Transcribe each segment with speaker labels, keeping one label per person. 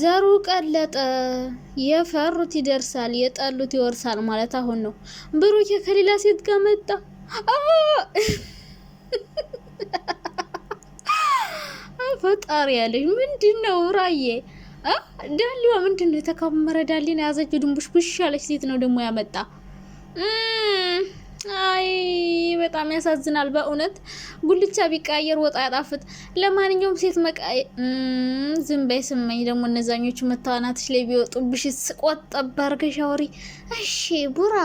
Speaker 1: ዘሩ ቀለጠ። የፈሩት ይደርሳል፣ የጠሉት ይወርሳል ማለት አሁን ነው። ብሩኬ ከሌላ ሴት ጋር መጣ። ፈጣሪ ያለኝ ምንድን ነው? ራዬ ዳሊዋ ምንድን ነው? የተከመረ ዳሌን የያዘችው ቡሽ ያለች ሴት ነው ደግሞ ያመጣ አይ በጣም ያሳዝናል በእውነት ጉልቻ ቢቀያየር ወጣ አያጣፍጥ። ለማንኛውም ሴት መቃይ ዝም በይ ስመኝ። ደግሞ እነዛኞቹ መተዋናትሽ ላይ ቢወጡብሽ ስቆጠብ አድርገሽ አውሪ። እሺ ቡራ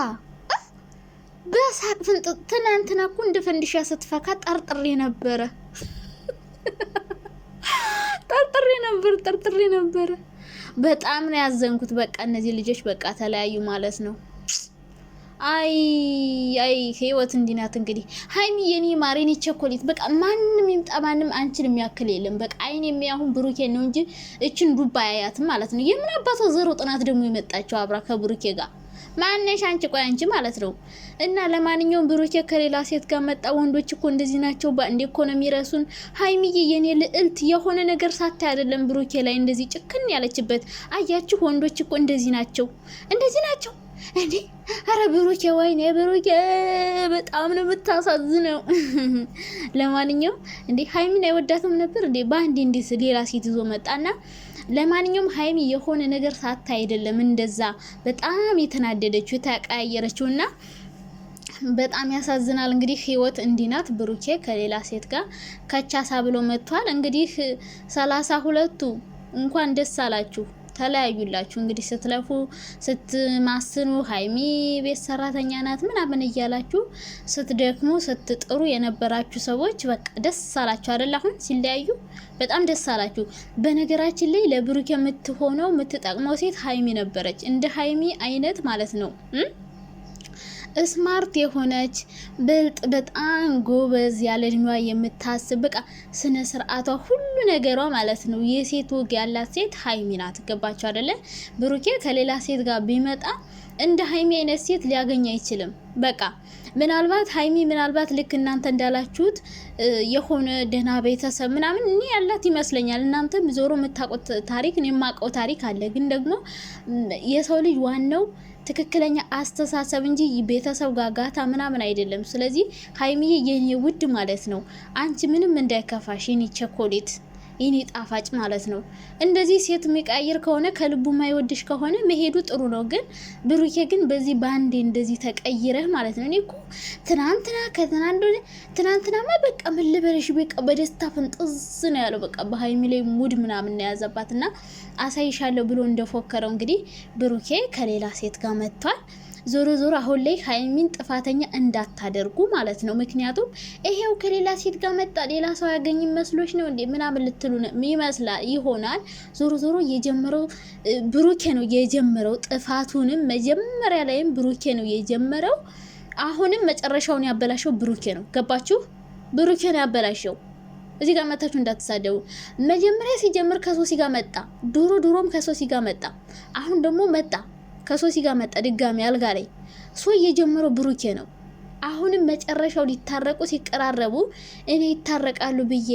Speaker 1: በሳቅ ፍንጥ ትናንትና እኮ እንደ ፈንድሻ ስትፈካ ጠርጥሬ ነበረ ጠርጥሬ ነበር ጠርጥሬ ነበረ። በጣም ነው ያዘንኩት። በቃ እነዚህ ልጆች በቃ ተለያዩ ማለት ነው። አይ አይ ህይወት እንዲናት እንግዲህ። ሀይሚ የኔ ማር የኔ ቸኮሌት በቃ ማንም ይምጣ ማንም አንቺን የሚያክል የለም። በቃ አይን የሚያሁን ብሩኬ ነው እንጂ እችን ዱባ ያያት ማለት ነው። የምን አባቷ ዘሮ ጥናት ደግሞ የመጣቸው አብራ ከብሩኬ ጋር ማነሽ አንቺ? ቆይ አንቺ ማለት ነው። እና ለማንኛውም ብሩኬ ከሌላ ሴት ጋር መጣ። ወንዶች እኮ እንደዚህ ናቸው። በአንድ እኮ ነው የሚረሱን። ሀይሚዬ የኔ ልዕልት የሆነ ነገር ሳታ አይደለም ብሩኬ ላይ እንደዚህ ጭክን ያለችበት። አያችሁ፣ ወንዶች እኮ እንደዚህ ናቸው፣ እንደዚህ ናቸው። እንዴ አረ ብሩኬ ወይኔ ብሩኬ በጣም ነው የምታሳዝነው። ለማንኛውም እንዴ ሀይሚን አይወዳትም ነበር እንዴ በአንዴ እንዴት ሌላ ሴት ይዞ መጣና ለማንኛውም ሀይሚ የሆነ ነገር ሳታ አይደለም እንደዛ በጣም የተናደደችው የተቀያየረችው እና በጣም ያሳዝናል። እንግዲህ ህይወት እንዲናት ብሩኬ ከሌላ ሴት ጋር ከቻሳ ብሎ መጥቷል። እንግዲህ ሰላሳ ሁለቱ እንኳን ደስ አላችሁ። ተለያዩላችሁ። እንግዲህ ስትለፉ ስትማስኑ ሀይሚ ቤት ሰራተኛ ናት ምናምን እያላችሁ ስትደክሙ ስትጥሩ የነበራችሁ ሰዎች በቃ ደስ አላችሁ አደለ? አሁን ሲለያዩ በጣም ደስ አላችሁ። በነገራችን ላይ ለብሩክ የምትሆነው የምትጠቅመው ሴት ሀይሚ ነበረች። እንደ ሀይሚ አይነት ማለት ነው። ስማርት የሆነች ብልጥ፣ በጣም ጎበዝ፣ ያለ እድሜዋ የምታስብ በቃ ስነ ስርዓቷ ሁሉ ነገሯ ማለት ነው። የሴት ወግ ያላት ሴት ሀይሚ ናት። ገባቸው አደለ? ብሩኬ ከሌላ ሴት ጋር ቢመጣ እንደ ሀይሚ አይነት ሴት ሊያገኝ አይችልም። በቃ ምናልባት ሀይሚ ምናልባት ልክ እናንተ እንዳላችሁት የሆነ ደህና ቤተሰብ ምናምን እኔ ያላት ይመስለኛል። እናንተ ዞሮ የምታውቁት ታሪክ፣ የማውቀው ታሪክ አለ። ግን ደግሞ የሰው ልጅ ዋናው ትክክለኛ አስተሳሰብ እንጂ ቤተሰብ ጋጋታ ምናምን አይደለም። ስለዚህ ሀይሚዬ የኔ ውድ ማለት ነው አንቺ ምንም እንዳይከፋሽ የኔ ቸኮሌት ይኔ ጣፋጭ ማለት ነው። እንደዚህ ሴት የሚቃይር ከሆነ ከልቡ ማይወድሽ ከሆነ መሄዱ ጥሩ ነው። ግን ብሩኬ ግን በዚህ በአንዴ እንደዚህ ተቀይረህ ማለት ነው። እኔ እኮ ትናንትና ከትናንት ትናንትናማ በቃ ምን ልበለሽ በቃ በደስታ ፍንጥዝ ነው ያለው። በቃ በሀይሚ ላይ ሙድ ምናምን ነው ያዘባት እና አሳይሻለሁ ብሎ እንደፎከረው እንግዲህ ብሩኬ ከሌላ ሴት ጋር መጥቷል። ዞሮ ዞሮ አሁን ላይ ሀይሚን ጥፋተኛ እንዳታደርጉ ማለት ነው። ምክንያቱም ይሄው ከሌላ ሴት ጋር መጣ ሌላ ሰው ያገኝ መስሎች ነው እንዴ ምናምን ልትሉ ይመስላል ይሆናል። ዞሮ ዞሮ የጀመረው ብሩኬ ነው የጀመረው። ጥፋቱንም መጀመሪያ ላይም ብሩኬ ነው የጀመረው። አሁንም መጨረሻውን ያበላሸው ብሩኬ ነው። ገባችሁ? ብሩኬ ነው ያበላሸው። እዚህ ጋር መታችሁ እንዳትሳደቡ። መጀመሪያ ሲጀምር ከሶሲ ጋር መጣ። ድሮ ድሮም ከሶሲ ጋር መጣ። አሁን ደግሞ መጣ ከሶሲ ጋር መጣ ድጋሚ አልጋ ላይ ሶ እየጀመረው ብሩኬ ነው። አሁንም መጨረሻው ሊታረቁ ሲቀራረቡ እኔ ይታረቃሉ ብዬ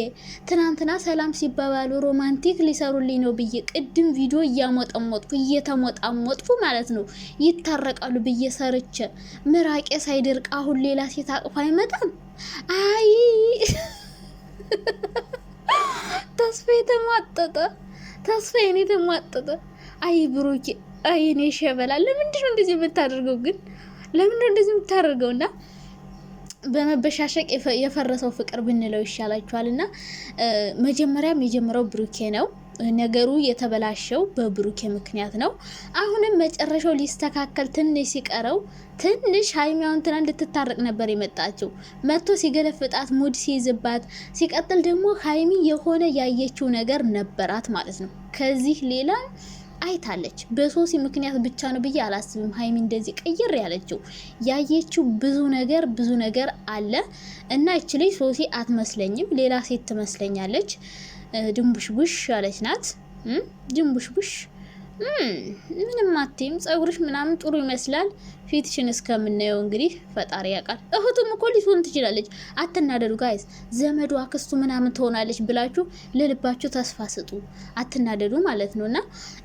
Speaker 1: ትናንትና ሰላም ሲባባሉ ሮማንቲክ ሊሰሩልኝ ነው ብዬ ቅድም ቪዲዮ እያሞጠሞጥኩ እየተሞጣሞጥኩ ማለት ነው ይታረቃሉ ብዬ ሰርቼ ምራቄ ሳይደርቅ አሁን ሌላ ሴት አቅፎ አይመጣም። አይ ተስፋ የተሟጠጠ ተስፋ የኔ የተሟጠጠ አይ ብሩኬ አይኔ ሸበላ ለምንድን ነው እንደዚህ የምታደርገው? ግን ለምንድን ነው እንደዚህ የምታደርገው? እና በመበሻሸቅ የፈረሰው ፍቅር ብንለው ይሻላችኋል። እና መጀመሪያም የጀመረው ብሩኬ ነው። ነገሩ የተበላሸው በብሩኬ ምክንያት ነው። አሁንም መጨረሻው ሊስተካከል ትንሽ ሲቀረው ትንሽ ሀይሚያውን እንትና ልትታረቅ ነበር የመጣችው። መጥቶ ሲገለፍጣት ሙድ ሲይዝባት፣ ሲቀጥል ደግሞ ሀይሚ የሆነ ያየችው ነገር ነበራት ማለት ነው። ከዚህ ሌላ አይታለች። በሶሲ ምክንያት ብቻ ነው ብዬ አላስብም። ሀይሚ እንደዚህ ቀይር ያለችው ያየችው ብዙ ነገር ብዙ ነገር አለ እና ይች ልጅ ሶሲ አትመስለኝም፣ ሌላ ሴት ትመስለኛለች። ድንቡሽቡሽ ያለች ናት። ድንቡሽቡሽ ምንም አትይም፣ ጸጉርሽ ምናምን ጥሩ ይመስላል። ፊትሽን እስከምናየው እንግዲህ ፈጣሪ ያውቃል። እህቱም እኮ ሊትሆን ትችላለች። አትናደዱ ጋይስ። ዘመዱ አክስቱ ምናምን ትሆናለች ብላችሁ ለልባችሁ ተስፋ ስጡ። አትናደዱ ማለት ነው። እና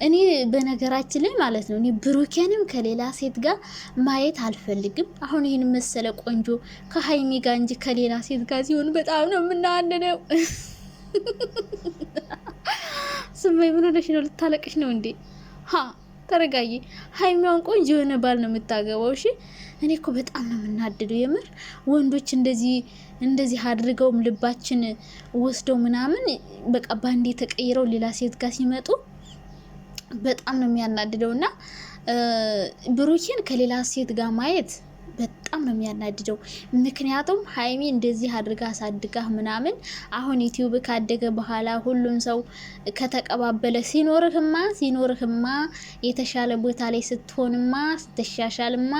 Speaker 1: እኔ በነገራችን ላይ ማለት ነው እኔ ብሩኬንም ከሌላ ሴት ጋር ማየት አልፈልግም። አሁን ይህን መሰለ ቆንጆ ከሀይሚ ጋር እንጂ ከሌላ ሴት ጋር ሲሆን በጣም ነው የምናዋንነው። ስማይ ምን ሆነሽ ነው? ልታለቅሽ ነው እንዴ? ሀ ተረጋጊ ሀይሚዋን ቆንጆ የሆነ ባል ነው የምታገባው። እሺ እኔ እኮ በጣም ነው የምናድደው የምር ወንዶች እንደዚህ እንደዚህ አድርገውም ልባችን ወስደው ምናምን በቃ ባንዴ ተቀይረው ሌላ ሴት ጋር ሲመጡ በጣም ነው የሚያናድደው እና ብሩኬን ከሌላ ሴት ጋር ማየት በጣም ነው የሚያናድደው። ምክንያቱም ሀይሚ እንደዚህ አድርጋ ሳድጋ ምናምን አሁን ዩቲዩብ ካደገ በኋላ ሁሉም ሰው ከተቀባበለ ሲኖርህማ ሲኖርህማ የተሻለ ቦታ ላይ ስትሆንማ ስትሻሻልማ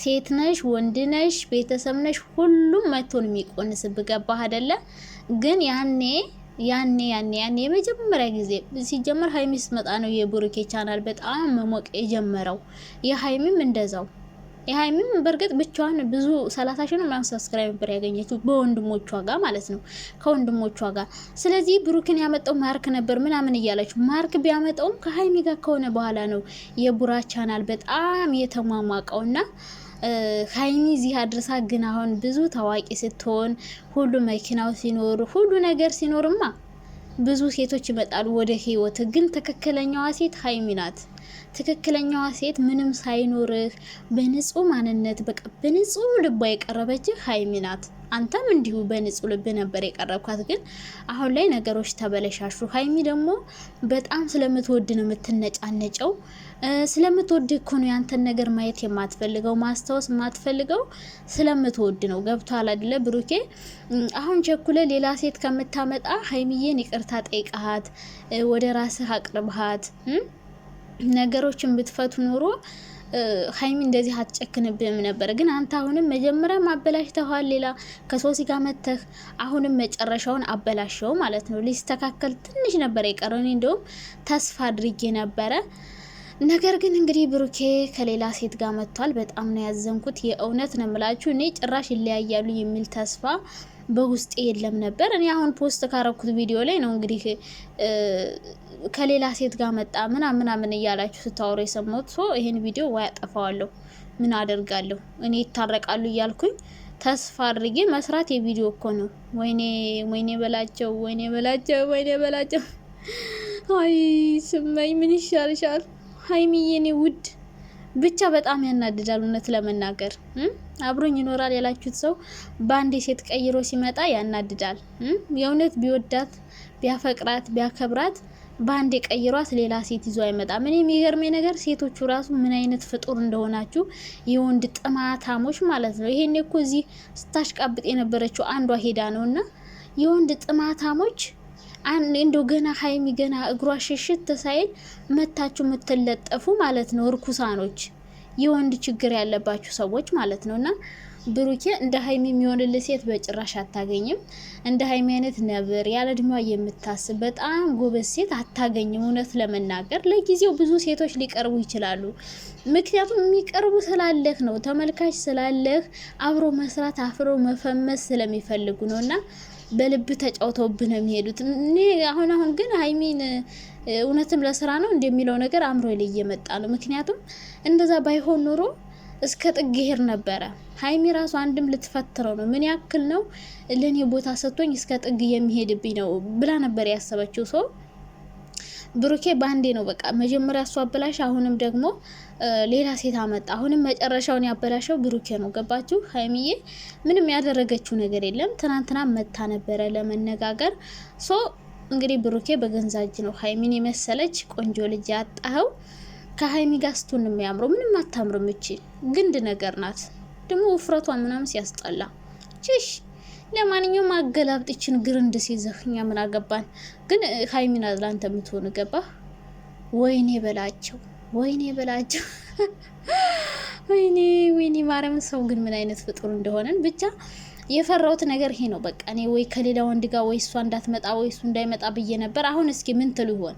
Speaker 1: ሴት ነሽ፣ ወንድ ነሽ፣ ቤተሰብ ነሽ፣ ሁሉም መጥቶ ነው የሚቆንስብ። ገባህ አይደለ? ግን ያኔ ያኔ ያኔ ያኔ የመጀመሪያ ጊዜ ሲጀመር ሀይሚ ስትመጣ ነው የቡሩኬ ቻናል በጣም መሞቅ የጀመረው። የሀይሚም እንደዛው የሀይሚም በእርግጥ ብቻዋን ብዙ ሰላሳ ሺህ ነው ምናምን ሰብስክራይበር ያገኘችው በወንድሞቿ ጋር ማለት ነው ከወንድሞቿ ጋር። ስለዚህ ብሩክን ያመጣው ማርክ ነበር ምናምን እያላችሁ ማርክ ቢያመጣውም ከሀይሚ ጋር ከሆነ በኋላ ነው የቡራ ቻናል በጣም የተሟሟቀውና ሀይሚ እዚህ አድርሳ ግን አሁን ብዙ ታዋቂ ስትሆን ሁሉ መኪናው ሲኖር ሁሉ ነገር ሲኖርማ ብዙ ሴቶች ይመጣሉ ወደ ህይወት። ግን ትክክለኛዋ ሴት ሀይሚ ናት። ትክክለኛዋ ሴት ምንም ሳይኖርህ በንጹህ ማንነት በቃ በንጹህ ልቧ የቀረበችህ ሀይሚ ናት። አንተም እንዲሁ በንጹህ ልብ ነበር የቀረብኳት፣ ግን አሁን ላይ ነገሮች ተበለሻሹ። ሀይሚ ደግሞ በጣም ስለምትወድ ነው የምትነጫነጨው። ስለምትወድ እኮ ነው ያንተን ነገር ማየት የማትፈልገው ማስታወስ የማትፈልገው ስለምትወድ ነው። ገብቷል አይደለ ብሩኬ? አሁን ቸኩለ ሌላ ሴት ከምታመጣ ሀይሚዬን ይቅርታ ጠይቃሃት፣ ወደ ራስህ አቅርብሃት። ነገሮችን ብትፈቱ ኑሮ ሀይሚ እንደዚህ አትጨክንብም ነበር። ግን አንተ አሁንም መጀመሪያ አበላሽተዋል። ሌላ ከሶሲ ጋር መተህ አሁንም መጨረሻውን አበላሸው ማለት ነው። ሊስተካከል ትንሽ ነበር የቀረው። እኔ እንደውም ተስፋ አድርጌ ነበረ ነገር ግን እንግዲህ ብሩኬ ከሌላ ሴት ጋር መጥቷል። በጣም ነው ያዘንኩት። የእውነት ነው ምላችሁ። እኔ ጭራሽ ይለያያሉ የሚል ተስፋ በውስጤ የለም ነበር። እኔ አሁን ፖስት ካረኩት ቪዲዮ ላይ ነው እንግዲህ ከሌላ ሴት ጋር መጣ ምናምን ምናምን እያላችሁ ስታወሩ የሰማሁት። ሶ ይህን ቪዲዮ ወይ አጠፋዋለሁ፣ ምን አደርጋለሁ እኔ ይታረቃሉ እያልኩኝ ተስፋ አድርጌ መስራት የቪዲዮ እኮ ነው። ወይኔ ወይኔ በላቸው፣ ወይኔ በላቸው፣ ወይኔ በላቸው። አይ ስመኝ ምን ይሻልሻል? ሀይሚዬ የኔ ውድ ብቻ በጣም ያናድዳል። እውነት ለመናገር አብሮኝ ይኖራል ያላችሁት ሰው በአንድ ሴት ቀይሮ ሲመጣ ያናድዳል። የእውነት ቢወዳት ቢያፈቅራት ቢያከብራት በአንድ ቀይሯት ሌላ ሴት ይዞ አይመጣም። እኔ የሚገርመኝ ነገር ሴቶቹ ራሱ ምን አይነት ፍጡር እንደሆናችሁ የወንድ ጥማታሞች ማለት ነው። ይሄኔ እኮ እዚህ ስታሽቃብጥ የነበረችው አንዷ ሄዳ ነው እና የወንድ ጥማታሞች እንደው ገና ሀይሚ ገና እግሯ ሽሽት ሳይል መታችሁ የምትለጠፉ ማለት ነው፣ እርኩሳኖች፣ የወንድ ችግር ያለባችሁ ሰዎች ማለት ነው። እና ብሩኬ እንደ ሀይሚ የሚሆንልህ ሴት በጭራሽ አታገኝም። እንደ ሀይሚ አይነት ነብር፣ ያለ እድሜዋ የምታስብ በጣም ጎበዝ ሴት አታገኝም። እውነት ለመናገር ለጊዜው ብዙ ሴቶች ሊቀርቡ ይችላሉ። ምክንያቱም የሚቀርቡ ስላለህ ነው፣ ተመልካች ስላለህ አብሮ መስራት አፍሮ መፈመስ ስለሚፈልጉ ነው እና በልብ ተጫውተውብህ ነው የሚሄዱት። እኔ አሁን አሁን ግን ሀይሚን እውነትም ለስራ ነው እንደሚለው ነገር አእምሮ ላይ እየመጣ ነው። ምክንያቱም እንደዛ ባይሆን ኑሮ እስከ ጥግ ሄር ነበረ። ሀይሚ ራሱ አንድም ልትፈትረው ነው ምን ያክል ነው ለእኔ ቦታ ሰጥቶኝ እስከ ጥግ የሚሄድብኝ ነው ብላ ነበር ያሰበችው ሰው ብሩኬ ባንዴ ነው በቃ መጀመሪያ እሱ አበላሽ፣ አሁንም ደግሞ ሌላ ሴት አመጣ። አሁንም መጨረሻውን ያበላሸው ብሩኬ ነው። ገባችሁ? ሀይሚዬ ምንም ያደረገችው ነገር የለም። ትናንትና መታ ነበረ ለመነጋገር ሶ እንግዲህ ብሩኬ በገንዛጅ ነው ሀይሚን የመሰለች ቆንጆ ልጅ ያጣኸው። ከሀይሚ ጋር ስቱን የሚያምረው ምንም አታምርም። እቺ ግንድ ነገር ናት። ደግሞ ውፍረቷ ምናምን ሲያስጠላ ችሽ ለማንኛውም አገላብጥችን ግር እንደሴዘፍኛ ምን አገባን? ግን ሀይሚና ላንተ የምትሆን ገባ። ወይኔ በላቸው፣ ወይኔ በላቸው፣ ወይኔ ወይኔ ማርያም። ሰው ግን ምን አይነት ፍጡር እንደሆነን ብቻ የፈራሁት ነገር ይሄ ነው። በቃ እኔ ወይ ከሌላ ወንድ ጋር ወይ እሷ እንዳትመጣ ወይ እሱ እንዳይመጣ ብዬ ነበር። አሁን እስኪ ምን ትሉ ይሆን?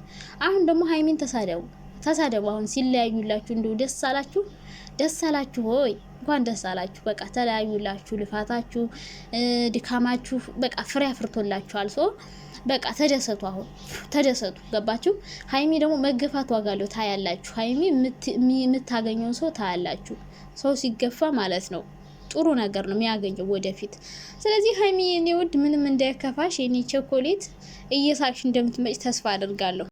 Speaker 1: አሁን ደግሞ ሀይሚን ተሳደቡ። ተሳደቡ። አሁን ሲለያዩላችሁ እንደው ደስ አላችሁ፣ ደስ አላችሁ ሆይ እንኳን ደስ አላችሁ። በቃ ተለያዩላችሁ፣ ልፋታችሁ፣ ድካማችሁ በቃ ፍሬ አፍርቶላችኋል። ሶ በቃ ተደሰቱ፣ አሁን ተደሰቱ። ገባችሁ? ሀይሚ ደግሞ መገፋት ዋጋ አለው። ታያላችሁ፣ ሀይሚ የምታገኘውን ሰው ታያላችሁ። ሰው ሲገፋ ማለት ነው ጥሩ ነገር ነው የሚያገኘው ወደፊት። ስለዚህ ሀይሚ የኔ ውድ ምንም እንዳይከፋሽ የኔ ቸኮሌት፣ እየሳቅሽ እንደምትመጭ ተስፋ አድርጋለሁ።